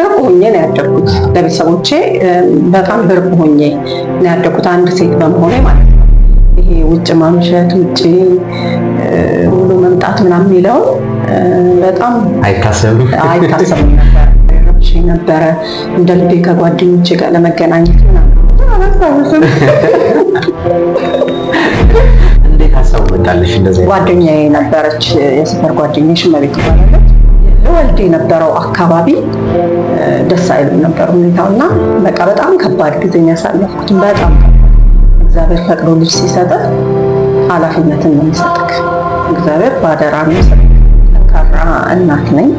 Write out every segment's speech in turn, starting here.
ብርቅ ሆኜ ነው ያደግኩት። ለቤተሰቦቼ በጣም ብርቅ ሆኜ ነው ያደግኩት፣ አንድ ሴት በመሆኔ ማለት ነው። ይሄ ውጭ ማምሸት፣ ውጭ ውሎ መምጣት ምናምን የሚለውን በጣም አይታሰብም ነበረ እንደ ልቤ ከጓደኞቼ ጋር ለመገናኘት ምናምን ጓደኛ ነበረች የሰፈር ጓደኛዬ ሽመቤት ይባላለች ተወልዶ የነበረው አካባቢ ደስ አይልም ነበር ሁኔታው እና በቃ በጣም ከባድ ጊዜ ያሳለፍኩት በጣም እግዚአብሔር ፈቅዶ ልጅ ሲሰጥ ኃላፊነትን ነው የሚሰጥክ። እግዚአብሔር በአደራ ነው የሚሰጥ። ጠንካራ እናት ነኝ፣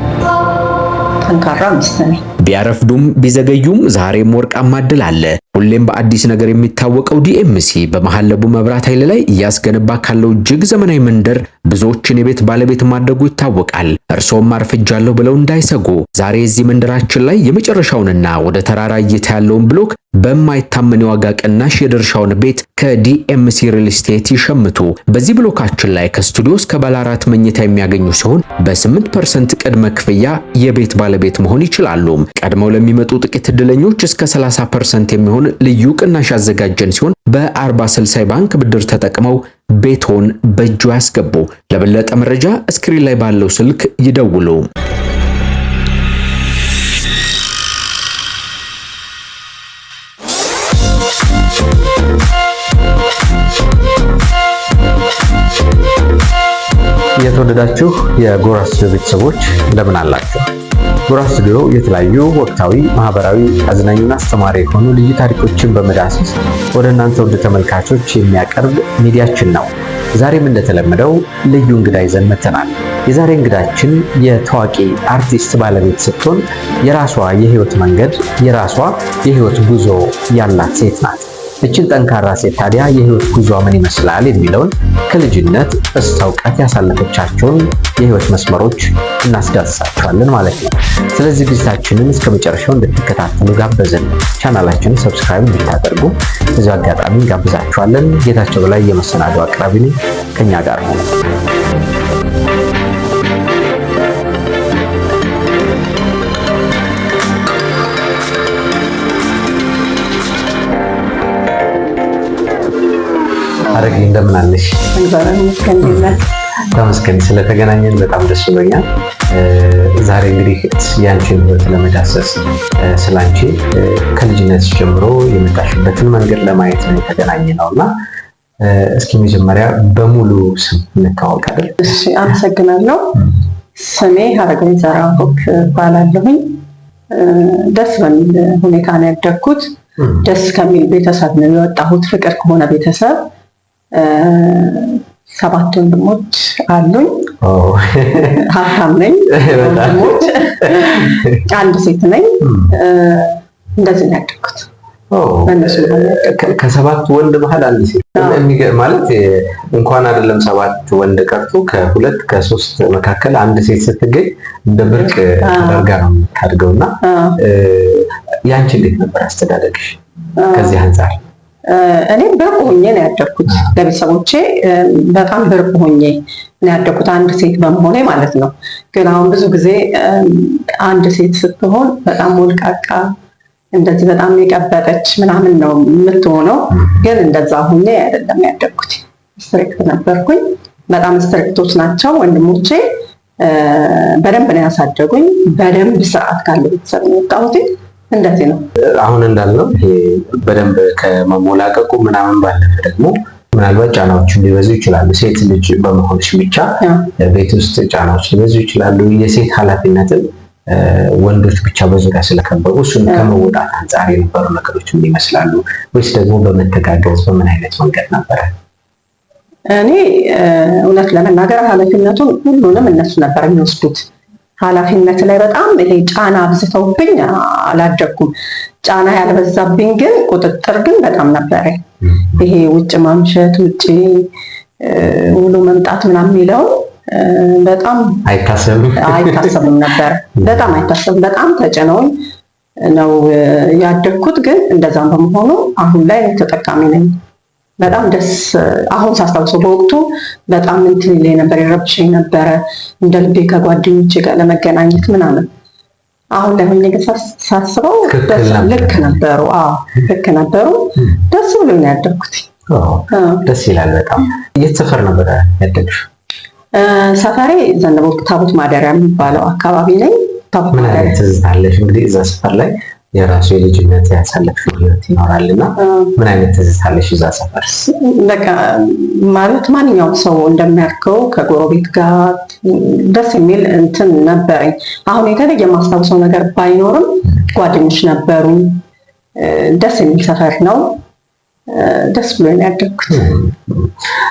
ጠንካራ ሚስት ነኝ። ቢያረፍዱም ቢዘገዩም ዛሬም ወርቃማ እድል አለ። ሁሌም በአዲስ ነገር የሚታወቀው ዲኤምሲ በመሃል ለቡ መብራት ኃይል ላይ እያስገነባ ካለው እጅግ ዘመናዊ መንደር ብዙዎችን የቤት ባለቤት ማድረጉ ይታወቃል። እርስዎም አርፍጃለሁ ብለው እንዳይሰጉ፣ ዛሬ እዚህ መንደራችን ላይ የመጨረሻውንና ወደ ተራራ እይታ ያለውን ብሎክ በማይታመን የዋጋ ቅናሽ የድርሻውን ቤት ከዲኤምሲ ሪል ስቴት ይሸምቱ። በዚህ ብሎካችን ላይ ከስቱዲዮ እስከ ባለ አራት መኝታ የሚያገኙ ሲሆን በ8 ቅድመ ክፍያ የቤት ባለቤት መሆን ይችላሉ። ቀድመው ለሚመጡ ጥቂት እድለኞች እስከ 30 ፐርሰንት የሚሆን ልዩ ቅናሽ ያዘጋጀን ሲሆን በ 60 ባንክ ብድር ተጠቅመው ቤቶን በእጁ ያስገቡ። ለበለጠ መረጃ እስክሪን ላይ ባለው ስልክ ይደውሉ። የተወደዳችሁ የጎራ ቤተሰቦች እንደምን አላችሁ? ጎራ ስቱዲዮ የተለያዩ ወቅታዊ፣ ማህበራዊ፣ አዝናኙና አስተማሪ የሆኑ ልዩ ታሪኮችን በመዳሰስ ወደ እናንተ ወደ ተመልካቾች የሚያቀርብ ሚዲያችን ነው። ዛሬም እንደተለመደው ልዩ እንግዳ ይዘን መተናል። የዛሬ እንግዳችን የታዋቂ አርቲስት ባለቤት ስትሆን የራሷ የህይወት መንገድ የራሷ የህይወት ጉዞ ያላት ሴት ናት። እችን ጠንካራ ሴት ታዲያ የህይወት ጉዞ ምን ይመስላል የሚለውን ከልጅነት እስከ እውቀት ያሳለፈቻቸውን የህይወት መስመሮች እናስዳስሳቸዋለን ማለት ነው። ስለዚህ ቪዚታችንን እስከ መጨረሻው እንድትከታተሉ ጋበዝን። ቻናላችንን ሰብስክራይብ እንድታደርጉ እዚ አጋጣሚ ጋብዛችኋለን። ጌታቸው በላይ የመሰናዶ አቅራቢ ነኝ። ከኛ ጋር ሆነ አረግ እንደምን አለሽ? ተመስገን ስለተገናኘን በጣም ደስ ብሎኛል። ዛሬ እንግዲህ ያንቺን ህይወት ለመዳሰስ ስላንቺ ከልጅነት ጀምሮ የመጣሽበትን መንገድ ለማየት ነው የተገናኘ ነው እና እስኪ መጀመሪያ በሙሉ ስም እንታወቃለን። እሺ፣ አመሰግናለሁ። ስሜ ሐረገወይን ዘርአብሩክ እባላለሁኝ። ደስ በሚል ሁኔታ ነው ያደግኩት። ደስ ከሚል ቤተሰብ ነው የወጣሁት። ፍቅር ከሆነ ቤተሰብ ሰባት ወንድሞች አሉኝ። ሀብታም ነኝ። ወንድሞች አንድ ሴት ነኝ። እንደዚህ ነው ያደግኩት። ከሰባት ወንድ መሀል አንድ ሴት ማለት እንኳን አይደለም ሰባት ወንድ ቀርቶ ከሁለት ከሶስት መካከል አንድ ሴት ስትገኝ እንደ ብርቅ ተደርጋ ነው የምታድገው እና ያንቺ እንዴት ነበር አስተዳደግሽ ከዚህ አንጻር? እኔ ብርቅ ሆኜ ነው ያደግኩት። ለቤተሰቦቼ በጣም ብርቅ ሆኜ ነው ያደግኩት፣ አንድ ሴት በመሆኔ ማለት ነው። ግን አሁን ብዙ ጊዜ አንድ ሴት ስትሆን በጣም ሞልቃቃ እንደዚህ በጣም የቀበጠች ምናምን ነው የምትሆነው። ግን እንደዛ ሆኜ አይደለም ያደግኩት። ስትሪክት ነበርኩኝ። በጣም ስትሪክቶች ናቸው ወንድሞቼ። በደንብ ነው ያሳደጉኝ። በደንብ ስርዓት ካለ ቤተሰብ ነው የወጣሁት። እንደዚህ ነው። አሁን እንዳልነው ይሄ በደንብ ከመሞላቀቁ ምናምን ባለፈ ደግሞ ምናልባት ጫናዎች ሊበዙ ይችላሉ። ሴት ልጅ በመሆንሽ ብቻ ቤት ውስጥ ጫናዎች ሊበዙ ይችላሉ። የሴት ኃላፊነትን ወንዶች ብቻ በዙሪያ ስለከበቡ እሱን ከመወጣት አንጻር የነበሩ ነገሮች ምን ይመስላሉ? ወይስ ደግሞ በመተጋገዝ በምን አይነት መንገድ ነበረ? እኔ እውነት ለመናገር ኃላፊነቱን ሁሉንም እነሱ ነበር የሚወስዱት ኃላፊነት ላይ በጣም ይሄ ጫና አብዝተውብኝ አላደግኩም። ጫና ያልበዛብኝ ግን ቁጥጥር ግን በጣም ነበረ። ይሄ ውጭ ማምሸት፣ ውጭ ውሎ መምጣት ምናምን የሚለው በጣም አይታሰብም ነበር። በጣም አይታሰብም። በጣም ተጭነው ነው ያደግኩት። ግን እንደዛም በመሆኑ አሁን ላይ ተጠቃሚ ነኝ። በጣም ደስ አሁን ሳስታውሰው በወቅቱ በጣም እንትን ይለኝ ነበር፣ የረብሸኝ ነበረ እንደ ልቤ ከጓደኞች ጋር ለመገናኘት ምናምን። አሁን ላይ ሆኜ ግን ሳስበው ልክ ነበሩ። ልክ ነበሩ። ደስ ብሎ ነው ያደግኩት። ደስ ይላል በጣም። የት ሰፈር ነበረ ያደግሽው? ሰፈሬ ዘነበው ታቦት ማደሪያ የሚባለው አካባቢ ነኝ። ታቦት ማደሪያ ትዝታለሽ እንግዲህ እዛ ሰፈር ላይ የራሱ የልጅነት ያሳለፍሽው ህይወት ይኖራል እና ምን አይነት ትዝታለሽ እዛ ሰፈር? በቃ ማለት ማንኛውም ሰው እንደሚያርከው ከጎረቤት ጋር ደስ የሚል እንትን ነበረኝ። አሁን የተለየ የማስታውሰው ነገር ባይኖርም ጓደኞች ነበሩ። ደስ የሚል ሰፈር ነው። ደስ ብሎ ያደግኩት።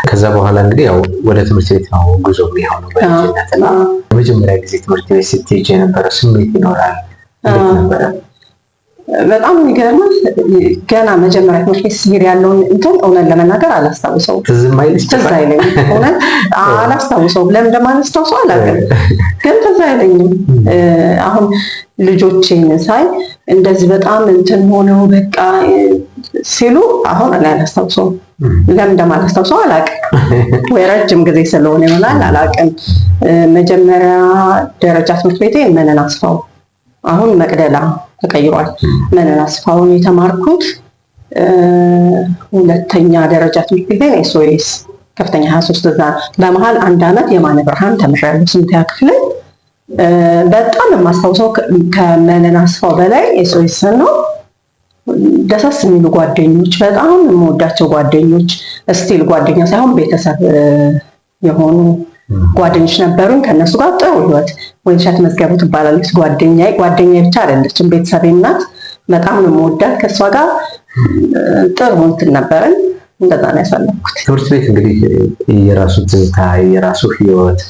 ከዛ በኋላ እንግዲህ ያው ወደ ትምህርት ቤት ነው ጉዞ የሚሆኑ በልጅነት እና የመጀመሪያ ጊዜ ትምህርት ቤት ስትሄጂ የነበረው ስሜት ይኖራል። ነበረ? በጣም ይገርማል። ገና መጀመሪያ ትምህርት ቤት ስሄድ ያለውን እንትን እውነት ለመናገር አላስታውሰውም። ትዝ አይለኝም፣ እውነት አላስታውሰውም። ለምን እንደማላስታውሰው አላውቅም፣ ግን ትዝ አይለኝም። አሁን ልጆቼን ሳይ እንደዚህ በጣም እንትን ሆነው በቃ ሲሉ አሁን እኔ አላስታውሰውም። ለምን እንደማላስታውሰው አላውቅም። ወይ ረጅም ጊዜ ስለሆነ ይሆናል፣ አላውቅም። መጀመሪያ ደረጃ ትምህርት ቤቴ መነን አስፋው አሁን መቅደላ ተቀይሯል። መነናስ ፓውን የተማርኩት ሁለተኛ ደረጃ ትምህርት ቤት ላይ ኤስኦኤስ ከፍተኛ ሀያ ሶስት እዛ በመሀል አንድ አመት የማነ ብርሃን ተምሬያለሁ ስምንተኛ ክፍል። በጣም የማስታውሰው ከመነናስፋው በላይ ኤስኦኤስን ነው። ደሳስ የሚሉ ጓደኞች፣ በጣም የምወዳቸው ጓደኞች፣ ስቲል ጓደኛ ሳይሆን ቤተሰብ የሆኑ ጓደኞች ነበሩን። ከእነሱ ጋር ጥሩ ህይወት። ወይንሸት መዝገቡ ትባላለች ጓደኛ ጓደኛ ብቻ አይደለችም ቤተሰቤ ናት። በጣም ነው የምወዳት። ከእሷ ጋር ጥሩ እንትን ነበረን። እንደዛ ነው ያሳለፍኩት። ትምህርት ቤት እንግዲህ የራሱ ትዝታ የራሱ ህይወት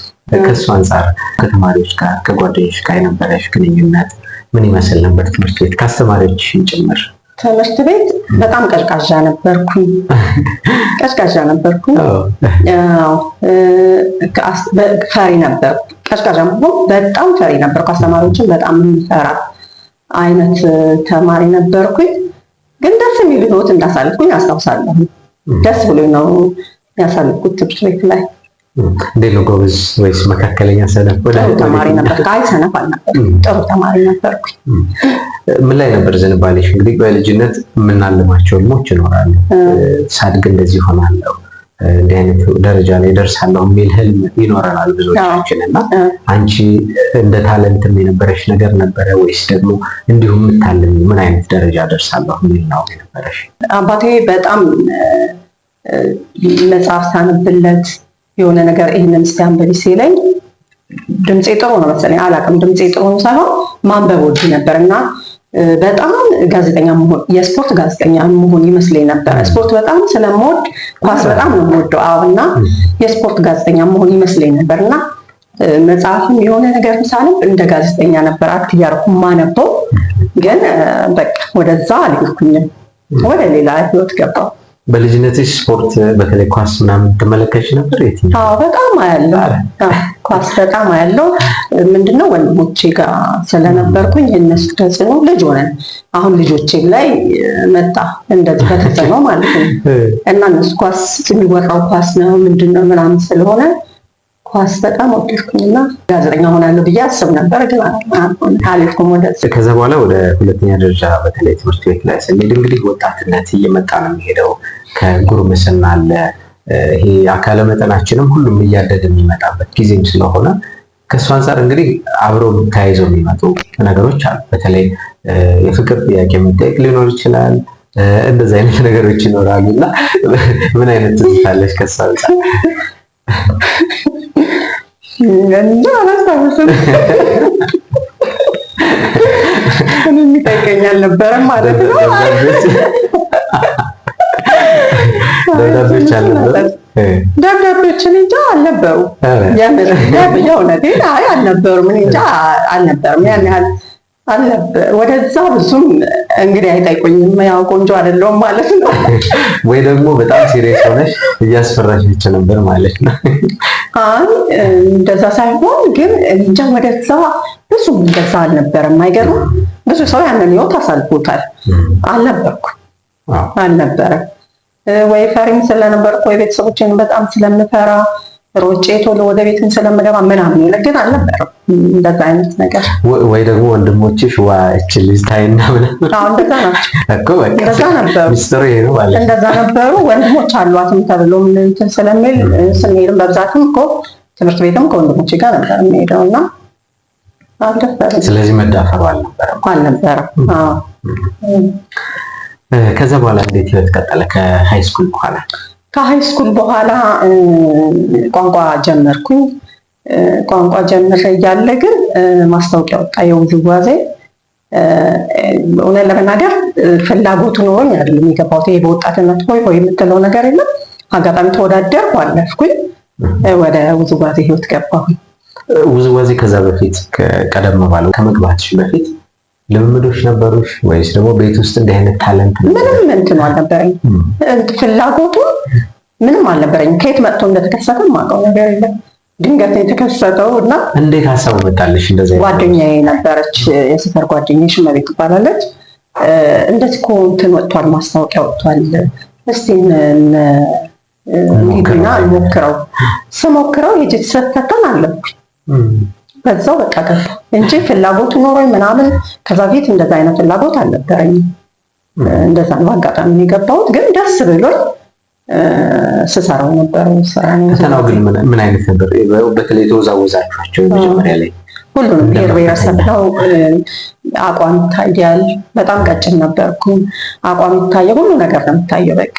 ከሱ አንጻር ከተማሪዎች ጋር ከጓደኞች ጋር የነበረሽ ግንኙነት ምን ይመስል ነበር? ትምህርት ቤት ከአስተማሪዎች ጭምር ትምህርት ቤት በጣም ቀዥቃዣ ነበርኩኝ ቀዥቃዣ ነበርኩኝ። ፈሪ ነበርኩ። ቀዥቃዣ በጣም ፈሪ ነበርኩ። አስተማሪዎችን በጣም የምፈራ አይነት ተማሪ ነበርኩኝ። ግን ደስ የሚል ህይወት እንዳሳልፍኩኝ አስታውሳለሁ። ደስ ብሎኝ ነው ያሳልፍኩት ትምህርት ቤት ላይ እንዴት ነው ጎበዝ ወይስ መካከለኛ ሰነፍ? ጥሩ ተማሪ ነበር። ከአይ ሰነፍ አልነበርኩም፣ ጥሩ ተማሪ ነበርኩኝ። ምን ላይ ነበር ዝንባሌሽ? እንግዲህ በልጅነት የምናልማቸው ህልሞች ይኖራሉ። ሳድግ እንደዚህ ሆናለሁ፣ እንዲህ አይነት ደረጃ ላይ ደርሳለሁ የሚል ህልም ይኖረናል ብዙዎቻችን። እና አንቺ እንደ ታለንትም የነበረሽ ነገር ነበረ ወይስ ደግሞ እንዲሁ የምታልም ምን አይነት ደረጃ ደርሳለሁ የሚል ነው የነበረሽ? አባቴ በጣም መጽሐፍ ሳነብለት የሆነ ነገር ይህንን እስቲ አንብቢ ሲለኝ ድምፄ ጥሩ ነው መሰለኝ አላውቅም። ድምፄ ጥሩ ሳይሆን ማንበብ ወድ ነበር እና በጣም ጋዜጠኛ መሆን የስፖርት ጋዜጠኛ መሆን ይመስለኝ ነበር። ስፖርት በጣም ስለምወድ ኳስ በጣም ነው የምወደው። አዎ እና የስፖርት ጋዜጠኛ መሆን ይመስለኝ ነበር እና መጽሐፍም የሆነ ነገር ሳነብ እንደ ጋዜጠኛ ነበር አክት እያደረኩ ማነበው። ግን በቃ ወደዛ አልሄድኩኝም፣ ወደ ሌላ ህይወት ገባው። በልጅነት ስፖርት በተለይ ኳስ ምናምን ትመለከች ነበር? በጣም አያለው ኳስ በጣም አያለው። ምንድነው ወንድሞቼ ጋር ስለነበርኩኝ የእነሱ ተጽዕኖ ልጅ ሆነን አሁን ልጆቼም ላይ መጣ እንደዚህ በተጽዕኖ ማለት ነው እና እነሱ ኳስ የሚወራው ኳስ ነው ምንድነው ምናምን ስለሆነ ኳስ በጣም ወደድኩኝና ጋዜጠኛ ሆናለሁ ብዬ አስብ ነበር፣ ግን አልኩም። ወደ ከዛ በኋላ ወደ ሁለተኛ ደረጃ በተለይ ትምህርት ቤት ላይ ስንሄድ እንግዲህ ወጣትነት እየመጣ ነው የሚሄደው። ከጉርምስና አለ ይሄ አካለ መጠናችንም ሁሉም እያደገ የሚመጣበት ጊዜም ስለሆነ ከእሱ አንጻር እንግዲህ አብረው ተያይዘው የሚመጡ ነገሮች አሉ። በተለይ የፍቅር ጥያቄ መጠየቅ ሊኖር ይችላል። እንደዚ አይነት ነገሮች ይኖራሉ እና ምን አይነት ትዝታለች ከእሱ አንጻር? አላስታውስም። እኔ የሚጠይቀኝ አልነበረም ማለት ነው። ደብዳቤዎች ደብዳቤዎችን እንጃ አልነበሩም። የእውነቴን አይ አልነበሩም። እኔ እንጃ አልነበሩም ያን ያህል ወደዛ ብዙም እንግዲህ አይጠይቁኝም። ያው ቆንጆ አይደለሁም ማለት ነው፣ ወይ ደግሞ በጣም ሲሪየስ ሆነሽ እያስፈራሽ ብቻ ነበር ማለት ነው። አይ እንደዛ ሳይሆን ግን እንጃ ወደዛ ብዙ እንደዛ አልነበረም። አይገርም ብዙ ሰው ያንን ህይወት አሳልፎታል። አልነበርኩ አልነበረም ወይ ፈሪም ስለነበርኩ ወይ ቤተሰቦችን በጣም ስለምፈራ ሮጬ ቶሎ ወደ ቤትን ስለምገባ ምናምን ይሆነ ግን አልነበረም እንደዛ አይነት ነገር ወይ ደግሞ ወንድሞችሽ ዋ እችል ታይና እንደዛ ነበሩ ወንድሞች አሏትም ተብሎ እንትን ስለሚል ስንሄድም በብዛትም እኮ ትምህርት ቤትም ከወንድሞች ጋር ነበር የሚሄደው እና አልነበረም ስለዚህ መዳፈሩ አልነበረም አልነበረም ከዛ በኋላ እንዴት ህይወት ቀጠለ ከሃይስኩል በኋላ ከሀይ ስኩል በኋላ ቋንቋ ጀመርኩኝ። ቋንቋ ጀምሬ እያለ ግን ማስታወቂያ ወጣ የውዝዋዜ እውነት ለመናገር ፍላጎቱ ኖሮኝ አይደለም የገባሁት። ይሄ በወጣትነት ሆይ ሆይ የምትለው ነገር የለም። አጋጣሚ ተወዳደርኩ፣ አለፍኩኝ፣ ወደ ውዝዋዜ ህይወት ገባሁኝ። ውዝዋዜ ከዛ በፊት ቀደም ባለው ከመግባትሽ በፊት ልምምዶች ነበሩሽ ወይስ ደግሞ ቤት ውስጥ እንዲህ አይነት ታለንት ምንም እንትኑ አልነበረኝ፣ ፍላጎቱ ምንም አልነበረኝ። ከየት መጥቶ እንደተከሰተ ማውቀው ነገር የለም። ድንገት የተከሰተው እና እንዴት ሀሳቡ መጣለሽ? እንደዚ ጓደኛዬ ነበረች፣ የሰፈር ጓደኛዬ ሽመቤት ትባላለች። እንደዚህ እኮ እንትን ወጥቷል፣ ማስታወቂያ ወጥቷል፣ እስቲ ሄዱና ሞክረው። ስሞክረው የጅት ሰተተን አለብኝ በዛው በቃ ገባ እንጂ ፍላጎቱ ኖሮኝ ምናምን ከዛ ፊት እንደዛ አይነት ፍላጎት አልነበረኝም። እንደዛ ነው አጋጣሚ የገባሁት፣ ግን ደስ ብሎኝ ስሰራው ነበር። ስራ ፈተናው ግን ምን አይነት ነበር? በተለይ ተወዛወዛችኋቸው መጀመሪያ ላይ? ሁሉንም ብሔር ብሔረሰብ ነው። አቋም ይታያል። በጣም ቀጭን ነበርኩ። አቋም ይታየ፣ ሁሉ ነገር ነው የሚታየው። በቃ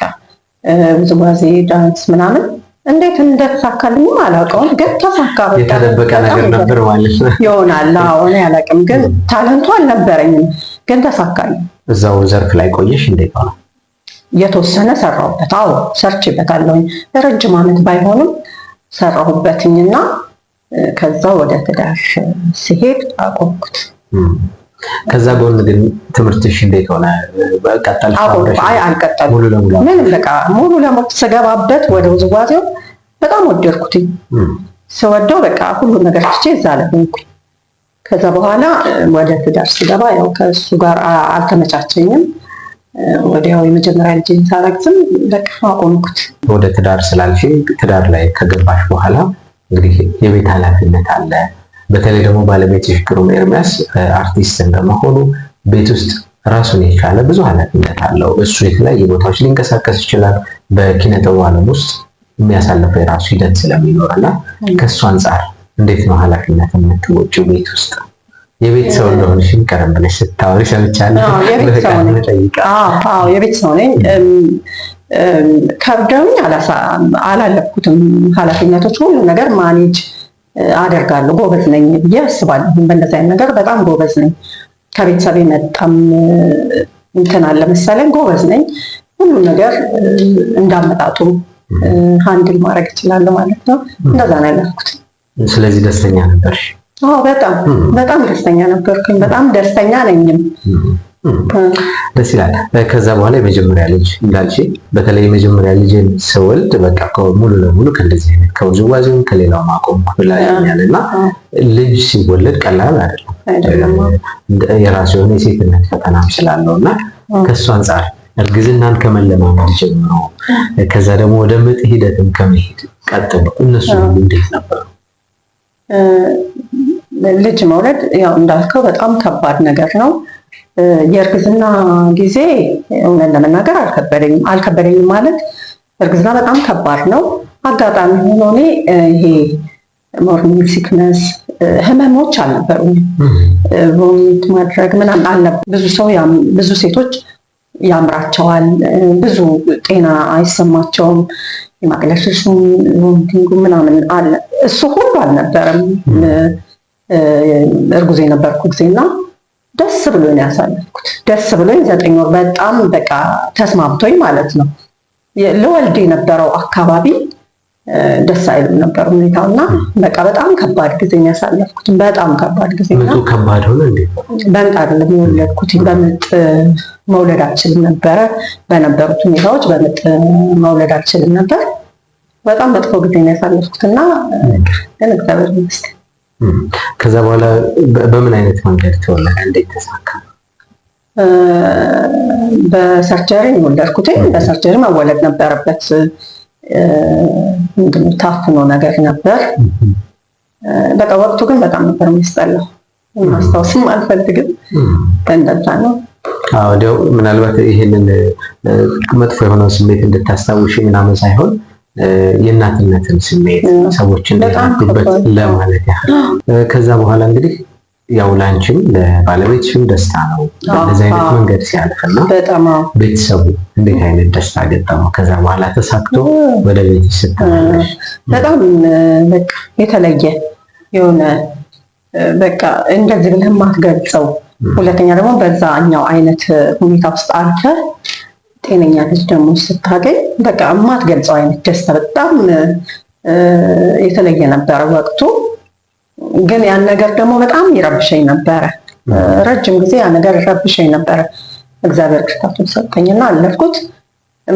ውዝዋዜ፣ ዳንስ ምናምን እንዴት እንደተሳካልኝም አላውቀውም፣ ግን ተሳካ። የተደበቀ ነገር ነበር ማለት ነው ይሆናል። አሁን አላውቅም፣ ግን ታለንቱ አልነበረኝም፣ ግን ተሳካልኝ። እዛው ዘርፍ ላይ ቆየሽ? እንዴት ሆነ? የተወሰነ ሰራሁበት። አዎ ሰርቼበታለሁ። ረጅም ዓመት ባይሆንም ሰራሁበትኝና ከዛ ወደ ትዳር ሲሄድ አቆምኩት። ከዛ ጎን ግን ትምህርትሽ እንዴት ሆነ? ቀጠል? አይ አልቀጠልኩም። ሙሉ ለሙሉ ምንም በቃ ሙሉ ለሙሉ ስገባበት ወደ ውዝዋዜው በጣም ወደድኩትኝ። ስወደው በቃ ሁሉን ነገር ትቼ እዛ ለሆንኩኝ። ከዛ በኋላ ወደ ትዳር ስገባ ያው ከእሱ ጋር አልተመቻቸኝም። ወዲያው የመጀመሪያ ልጅ ሳረግዝም በቃ አቆምኩት። ወደ ትዳር ስላልሽ ትዳር ላይ ከገባሽ በኋላ እንግዲህ የቤት ኃላፊነት አለ በተለይ ደግሞ ባለቤት የፍቅሩ ኤርሚያስ አርቲስት እንደመሆኑ ቤት ውስጥ ራሱን የቻለ ብዙ ኃላፊነት አለው። እሱ የተለያዩ ቦታዎች ሊንቀሳቀስ ይችላል። በኪነጥቡ ዓለም ውስጥ የሚያሳልፈው የራሱ ሂደት ስለሚኖር እና ከእሱ አንጻር እንዴት ነው ኃላፊነት የምትወጪው ቤት ውስጥ? የቤት ሰው እንደሆንሽን ቀደም ብለሽ ስታወሪ ሰምቻለሁ። የቤት ሰው ነኝ። ከብደውኝ አላለፍኩትም ኃላፊነቶች ሁሉ ነገር ማኔጅ አደርጋለሁ። ጎበዝ ነኝ ብዬ አስባለሁ። በእንደዚህ አይነት ነገር በጣም ጎበዝ ነኝ። ከቤተሰብ የመጣም እንትን አለ መሰለኝ። ጎበዝ ነኝ። ሁሉም ነገር እንዳመጣጡ ሀንድል ማድረግ እችላለሁ ማለት ነው። እንደዛ ነው ያለፍኩት። ስለዚህ ደስተኛ ነበር? አዎ በጣም በጣም ደስተኛ ነበርኩኝ። በጣም ደስተኛ ነኝም ደስ ይላል። ከዛ በኋላ የመጀመሪያ ልጅ እንዳልሽ በተለይ የመጀመሪያ ልጅን ስወልድ በቃ ሙሉ ለሙሉ ከእንደዚህ አይነት ከውዝዋዜም ከሌላው ማቆም ብላኛል እና ልጅ ሲወለድ ቀላል አይደለም። የራሱ የሆነ የሴትነት ፈተናም ስላለው እና ከእሱ አንጻር እርግዝናን ከመለማመድ ጀምሮ ከዛ ደግሞ ወደ ምጥ ሂደትም ከመሄድ ቀጥሎ እነሱ እንዴት ነበሩ? ልጅ መውለድ ያው እንዳልከው በጣም ከባድ ነገር ነው። የእርግዝና ጊዜ እውነት ለመናገር አልከበደኝም። አልከበደኝም ማለት እርግዝና በጣም ከባድ ነው። አጋጣሚ ሆኖ እኔ ይሄ ሞርኒንግ ሲክነስ ህመሞች አልነበሩም። ቮሚት ማድረግ ምናምን አልነበ ብዙ ሰው ብዙ ሴቶች ያምራቸዋል፣ ብዙ ጤና አይሰማቸውም። የማቅለሽለሹም ቮሚቲንጉ ምናምን አለ። እሱ ሁሉ አልነበረም እርጉዝ የነበርኩ ጊዜና ደስ ብሎ ነው ያሳለፍኩት። ደስ ብሎ ዘጠኝ ወር በጣም በቃ ተስማምቶኝ ማለት ነው። ለወልድ የነበረው አካባቢ ደስ አይልም ነበር ሁኔታው እና በቃ በጣም ከባድ ጊዜ ያሳለፍኩት በጣም ከባድ ጊዜ ከባድ ሆነ። በምጥ አይደለም የወለድኩት፣ በምጥ መውለድ አልችልም ነበረ። በነበሩት ሁኔታዎች በምጥ መውለድ አልችልም ነበር። በጣም መጥፎ ጊዜ ነው ያሳለፍኩት እና ግን እግዚአብሔር ይመስገን ከዛ በኋላ በምን አይነት መንገድ ተወለደ? እንዴት ተሳካ? በሰርጀሪ ወለድኩት። በሰርጀሪ መወለድ ነበረበት። ምንድነው ታፍኖ ነገር ነበር። በቃ ወቅቱ ግን በጣም ነበር የሚያስጠላው። ማስታወስም አልፈልግም። እንደዛ ነው። አዎ፣ ምናልባት ይሄንን መጥፎ የሆነው ስሜት እንድታስታውሽ ምናምን ሳይሆን የእናትነትን ስሜት ሰዎች እንዲረዱበት ለማለት ያህል። ከዛ በኋላ እንግዲህ ያው ላንቺም ለባለቤትሽም ደስታ ነው እንደዚህ አይነት መንገድ ሲያልፍና ቤተሰቡ እንዴት አይነት ደስታ ገጠመው? ከዛ በኋላ ተሳክቶ ወደ ቤት ስትመለሽ በጣም በቃ የተለየ የሆነ በቃ እንደዚህ ብለህ የማትገልጸው ሁለተኛ ደግሞ በዛኛው አይነት ሁኔታ ውስጥ አልፈህ ጤነኛ ልጅ ደግሞ ስታገኝ በቃ ገልጸው አይነት ደስታ በጣም የተለየ ነበረ ወቅቱ። ግን ያን ነገር ደግሞ በጣም ይረብሸኝ ነበረ። ረጅም ጊዜ ያ ነገር ይረብሸኝ ነበረ። እግዚአብሔር ክርታቱን ሰጠኝና አለፍኩት።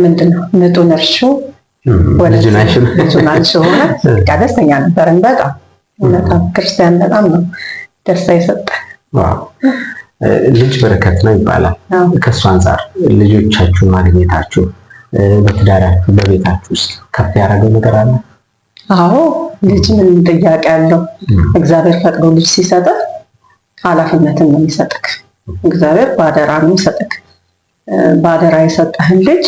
ምንድነው ምጡን እርሹ ወደልጁን ሆነ። በቃ ደስተኛ ነበረን። በጣም ክርስቲያን በጣም ነው ደስታ የሰጠ ልጅ በረከት ነው ይባላል። ከእሱ አንጻር ልጆቻችሁን ማግኘታችሁ በትዳራችሁ በቤታችሁ ውስጥ ከፍ ያደረገው ነገር አለ? አዎ ልጅ ምን ጥያቄ አለው? እግዚአብሔር ፈቅዶ ልጅ ሲሰጥህ ኃላፊነትን ነው የሚሰጥክ እግዚአብሔር በአደራ ነው የሚሰጥክ በአደራ የሰጠህን ልጅ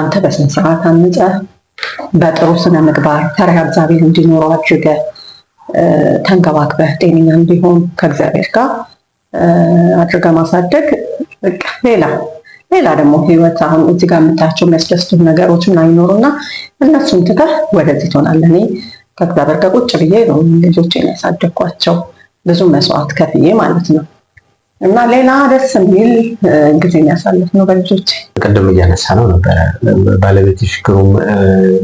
አንተ በስነ ስርዓት አንጸህ በጥሩ ስነ ምግባር ፈሪሃ እግዚአብሔር እንዲኖረው አድርገህ ተንከባክበህ ጤነኛ እንዲሆን ከእግዚአብሔር ጋር አድርጋ ማሳደግ በቃ ሌላ ሌላ ደግሞ ህይወት አሁን እዚህ ጋር የምታያቸው የሚያስደስቱት ነገሮች ምናምን ይኖሩና እነሱን ትተህ ወደዚህ ትሆናለህ። እኔ ከእግዚአብሔር ጋር ቁጭ ብዬ ነው ልጆቼን ያሳደግኳቸው ብዙ መስዋዕት ከፍዬ ማለት ነው። እና ሌላ ደስ የሚል ጊዜ የሚያሳልፍ ነው በልጆች። ቅድም እያነሳ ነው ነበረ ባለቤትሽ ግሩም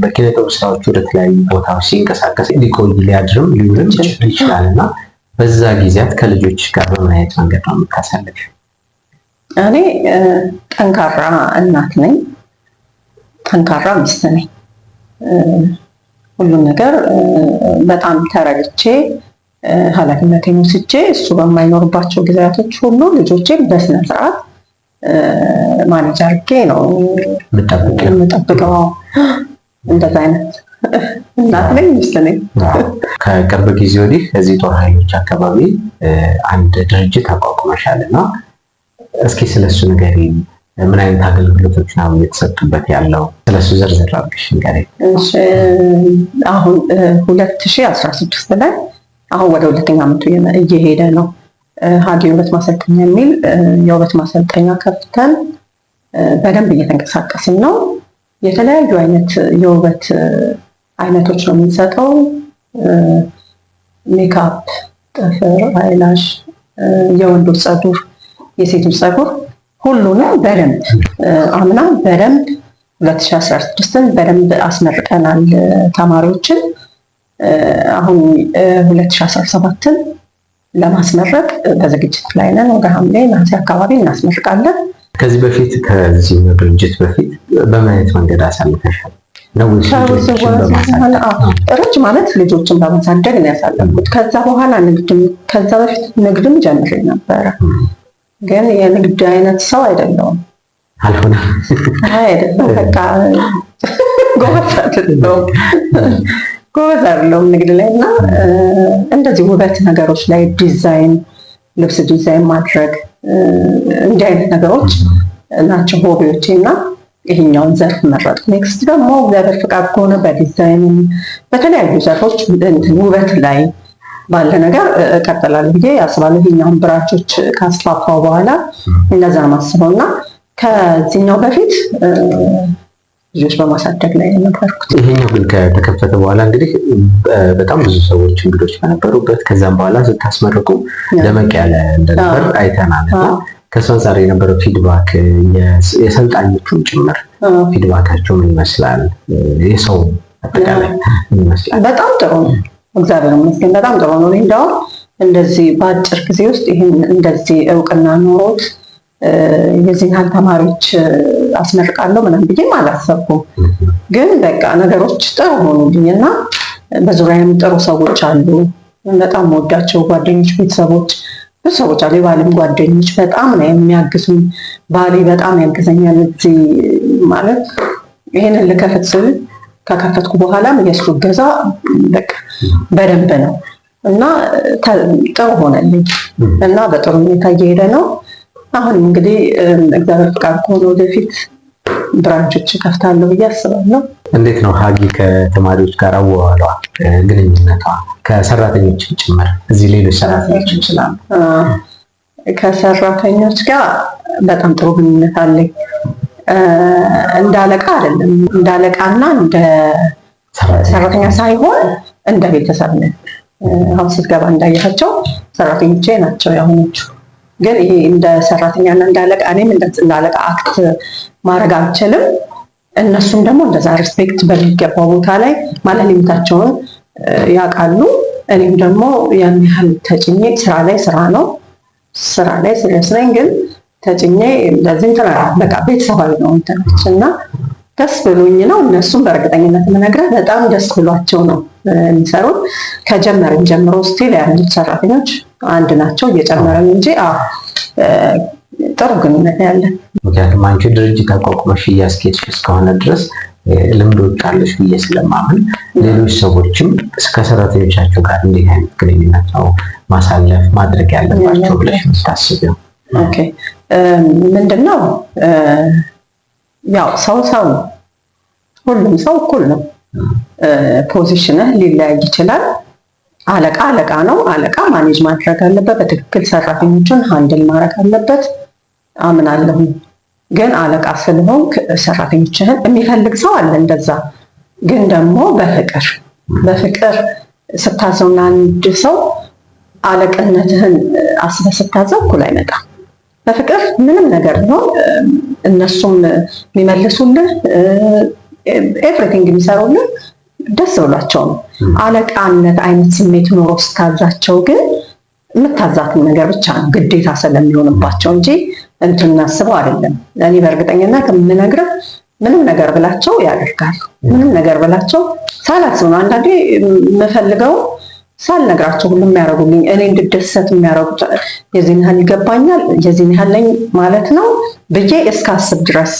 በኪነ ስራዎች ወደ ተለያዩ ቦታዎች ሲንቀሳቀስ ሊቆይ ሊያድርም ሊውልም ይችላል እና በዛ ጊዜያት ከልጆች ጋር በምን አይነት መንገድ ነው የምታሳልፍ? እኔ ጠንካራ እናት ነኝ፣ ጠንካራ ሚስት ነኝ። ሁሉን ነገር በጣም ተረድቼ ኃላፊነቴን ወስጄ እሱ በማይኖርባቸው ጊዜያቶች ሁሉ ልጆቼን በስነ ስርዓት ማኔጅ አድርጌ ነው የምጠብቀው። እንደዛ አይነት እናት ነኝ ሚስት ነኝ። ከቅርብ ጊዜ ወዲህ እዚህ ጦር ኃይሎች አካባቢ አንድ ድርጅት አቋቁመሻል እና እስኪ ስለሱ ንገሪኝ። ምን አይነት አገልግሎቶች ነው እየተሰጡበት ያለው? ስለሱ ዝርዝር አድርገሽ ንገሪኝ። አሁን ሁለት ሺህ አስራ ስድስት ላይ አሁን ወደ ሁለተኛ ዓመቱ እየሄደ ነው። ሀዲ የውበት ማሰልጠኛ የሚል የውበት ማሰልጠኛ ከፍተን በደንብ እየተንቀሳቀስን ነው። የተለያዩ አይነት የውበት አይነቶች ነው የምንሰጠው። ሜካፕ፣ ጥፍር፣ አይላሽ፣ የወንዶች ጸጉር፣ የሴቶች ጸጉር ሁሉንም በደንብ አምና በደንብ 2016ን በደንብ አስመርቀናል ተማሪዎችን። አሁን 2017ን ለማስመረቅ በዝግጅት ላይ ነን። ወደ ሐምሌ ነሐሴ አካባቢ እናስመርቃለን። ከዚህ በፊት ከዚህ ድርጅት በፊት በምን አይነት መንገድ አሳልፈሻል? ነው ጥሮች ማለት ልጆችን በማሳደግ ነው ያሳለፉት። ከዛ በኋላ ንግድም ከዛ በፊት ንግድም ጀምሬ ነበረ፣ ግን የንግድ አይነት ሰው አይደለውም አልሆነ አይደለም። በቃ ጎበዝ አይደለውም ጎበዝ አይደለውም ንግድ ላይ እና እንደዚህ ውበት ነገሮች ላይ ዲዛይን፣ ልብስ ዲዛይን ማድረግ እንዲህ አይነት ነገሮች ናቸው ሆቢዎቼ እና ይሄኛውን ዘርፍ መረጥ። ኔክስት ደግሞ እግዚአብሔር ፍቃድ ከሆነ በዲዛይን በተለያዩ ዘርፎች እንትን ውበት ላይ ባለ ነገር እቀጥላለሁ ብዬ ያስባለሁ። ይሄኛውን ብራቾች ካስፋፋው በኋላ እነዛ ማስበው እና ከዚህኛው በፊት ልጆች በማሳደግ ላይ የነበርኩት። ይሄኛው ግን ከተከፈተ በኋላ እንግዲህ በጣም ብዙ ሰዎች እንግዶች በነበሩበት ከዛም በኋላ ስታስመርቁ ደመቅ ያለ እንደነበር አይተናል። ከሱ አንጻር የነበረው ፊድባክ የሰልጣኞቹን ጭምር ፊድባካቸው ምን ይመስላል? የሰው አጠቃላይ ምን ይመስላል? በጣም ጥሩ ነው። እግዚአብሔር ይመስገን በጣም ጥሩ ነው። እንዲያውም እንደዚህ በአጭር ጊዜ ውስጥ ይህን እንደዚህ እውቅና ኖሮት የዚህን ያህል ተማሪዎች አስመርቃለሁ ምናምን ብዬም አላሰብኩም። ግን በቃ ነገሮች ጥሩ ሆኑልኝ እና በዙሪያም ጥሩ ሰዎች አሉ። በጣም ወዳቸው ጓደኞች፣ ቤተሰቦች ሰዎች አሉ። የባልም ጓደኞች በጣም ነው የሚያግሱኝ። ባሌ በጣም ያግዘኛል። እዚህ ማለት ይህንን ልከፍት ስል ከከፈትኩ በኋላም የእሱ ገዛ በቃ በደንብ ነው እና ጥሩ ሆነልኝ እና በጥሩ ሁኔታ እየሄደ ነው። አሁንም እንግዲህ እግዚአብሔር ፍቃድ ከሆነ ወደፊት ብራንቾች ከፍታለሁ ብዬ አስባለሁ። እንዴት ነው ሀጊ ከተማሪዎች ጋር አዋዋሏ ግንኙነቷ ከሰራተኞች ጭምር እዚህ ሌሎች ሰራተኞች ይችላሉ? ከሰራተኞች ጋር በጣም ጥሩ ግንኙነት አለኝ። እንደ አለቃ አይደለም፣ እንደ አለቃና እንደ ሰራተኛ ሳይሆን እንደ ቤተሰብ ነን። አሁን ስትገባ እንዳያቸው ሰራተኞቼ ናቸው የአሁኖቹ። ግን ይሄ እንደ ሰራተኛና እንዳለቃ እኔም እንዳለቃ አክት ማድረግ አልችልም። እነሱም ደግሞ እንደዛ ሪስፔክት በሚገባው ቦታ ላይ ማለት ሊሚታቸውን ያውቃሉ። እኔም ደግሞ ያን ያህል ተጭኜ ስራ ላይ ስራ ነው ስራ ላይ ሲሪየስ ነኝ። ግን ተጭኜ እንደዚህ እንትና በቃ ቤተሰባዊ ነው እንትናች እና ደስ ብሎኝ ነው። እነሱም በእርግጠኝነት የምነግርህ በጣም ደስ ብሏቸው ነው የሚሰሩት። ከጀመርን ጀምሮ ስቲል ያሉት ሰራተኞች አንድ ናቸው። እየጨመረም እንጂ ጥሩ ግንኙነት ያለን። ምክንያቱም አንቺ ድርጅት አቋቁመሽ እያስኬድሽ እስከሆነ ድረስ ልምዶች አለሽ ብዬ ስለማምን ሌሎች ሰዎችም እስከ ሰራተኞቻቸው ጋር እንዴት አይነት ግንኙነት ነው ማሳለፍ ማድረግ ያለባቸው ብለሽ ኦኬ ምንድን ነው ያው ሰው ሰው ነው። ሁሉም ሰው እኩል ነው። ፖዚሽንህ ሊለያይ ይችላል። አለቃ አለቃ ነው። አለቃ ማኔጅ ማድረግ አለበት። በትክክል ሰራተኞችን ሀንድል ማድረግ አለበት አምናለሁ። ግን አለቃ ስለሆንክ ሰራተኞችህን የሚፈልግ ሰው አለ እንደዛ። ግን ደግሞ በፍቅር በፍቅር ስታዘው አንድ ሰው አለቅነትህን አስበህ ስታዘው እኩል አይመጣም። በፍቅር ምንም ነገር ቢሆን እነሱም የሚመልሱልህ ኤቭሪቲንግ የሚሰሩልህ ደስ ብሏቸው ነው። አለቃነት አይነት ስሜት ኖሮ ስታዛቸው ግን የምታዛትን ነገር ብቻ ነው ግዴታ ስለሚሆንባቸው እንጂ እንትን እናስበው አይደለም። እኔ በእርግጠኝነት የምነግርህ ምንም ነገር ብላቸው ያደርጋል። ምንም ነገር ብላቸው ሳላስብ ነው አንዳንዴ የምፈልገው ሳልነግራቸው ሁሉ የሚያደርጉልኝ እኔ እንድደሰት የሚያደርጉት የዚህን ያህል ይገባኛል የዚህን ያህል ነኝ ማለት ነው ብዬ እስከ አስብ ድረስ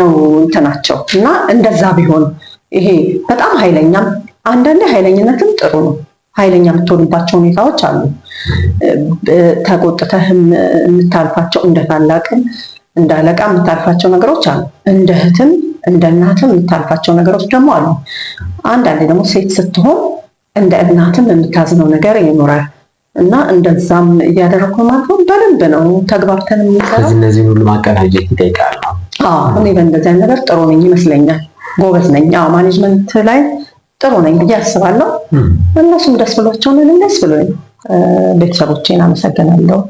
ነው እንትናቸው እና እንደዛ ቢሆን ይሄ በጣም ኃይለኛም አንዳንዴ ኃይለኝነትም ጥሩ ነው። ኃይለኛ የምትሆንባቸው ሁኔታዎች አሉ። ተቆጥተህ የምታልፋቸው እንደ ታላቅም እንደ አለቃ የምታልፋቸው ነገሮች አሉ። እንደ እህትም እንደ እናትም የምታልፋቸው ነገሮች ደግሞ አሉ። አንዳንዴ ደግሞ ሴት ስትሆን እንደ እናትም የምታዝነው ነገር ይኖራል እና እንደዛም እያደረግኩ ማለት ነው። በደንብ ነው ተግባብተን የሚሰራ እነዚህን ሁሉ ማቀናጀት ይጠይቃል። እኔ በእንደዚህ ነገር ጥሩ ነኝ ይመስለኛል። ጎበዝ ነኝ። አዎ ማኔጅመንት ላይ ጥሩ ነኝ ብዬ አስባለሁ። እነሱም ደስ ብሏቸው ምንም ደስ ብሎኝ ቤተሰቦቼን አመሰግናለሁ።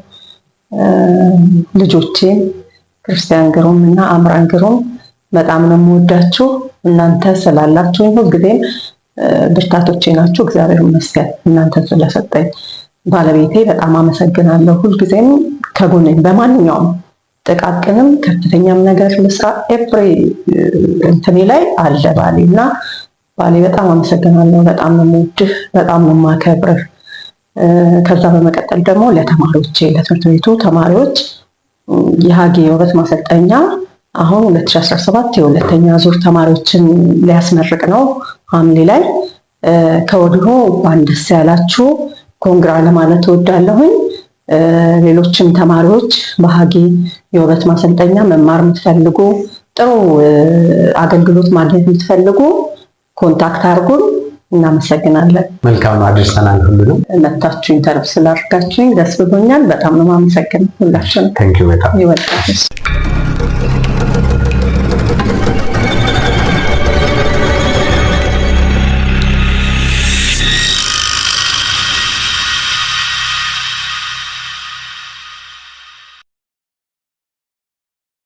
ልጆቼን ክርስቲያን ግሩም እና አምራን ግሩም በጣም ነው የምወዳችሁ። እናንተ ስላላችሁ ሁልጊዜም ብርታቶቼ ናችሁ። እግዚአብሔር ይመስገን እናንተ ስለሰጠኝ ባለቤቴ በጣም አመሰግናለሁ። ሁልጊዜም ከጎነኝ በማንኛውም ጥቃቅንም ከፍተኛም ነገር ልስራ ኤፕሪ እንትኔ ላይ አለ ባሌ እና ባሌ በጣም አመሰግናለሁ። በጣም ነው የምወድህ፣ በጣም ነው የማከብርህ። ከዛ በመቀጠል ደግሞ ለተማሪዎች ለትምህርት ቤቱ ተማሪዎች የሀጌ የውበት ማሰልጠኛ አሁን 2017 የሁለተኛ ዙር ተማሪዎችን ሊያስመርቅ ነው ሐምሌ ላይ ከወዲሁ ባንደስ ያላችሁ ኮንግራ ለማለት እወዳለሁኝ። ሌሎችም ተማሪዎች በሀጊ የውበት ማሰልጠኛ መማር የምትፈልጉ ጥሩ አገልግሎት ማግኘት የምትፈልጉ ኮንታክት አድርጉን። እናመሰግናለን። መልካም ነው። አድርሰናል። ሁሉንም መታችሁ ኢንተርቪው ስላደርጋችሁኝ ደስ ብሎኛል። በጣም ነው ማመሰግን የማመሰግነው ሁላችሁንም።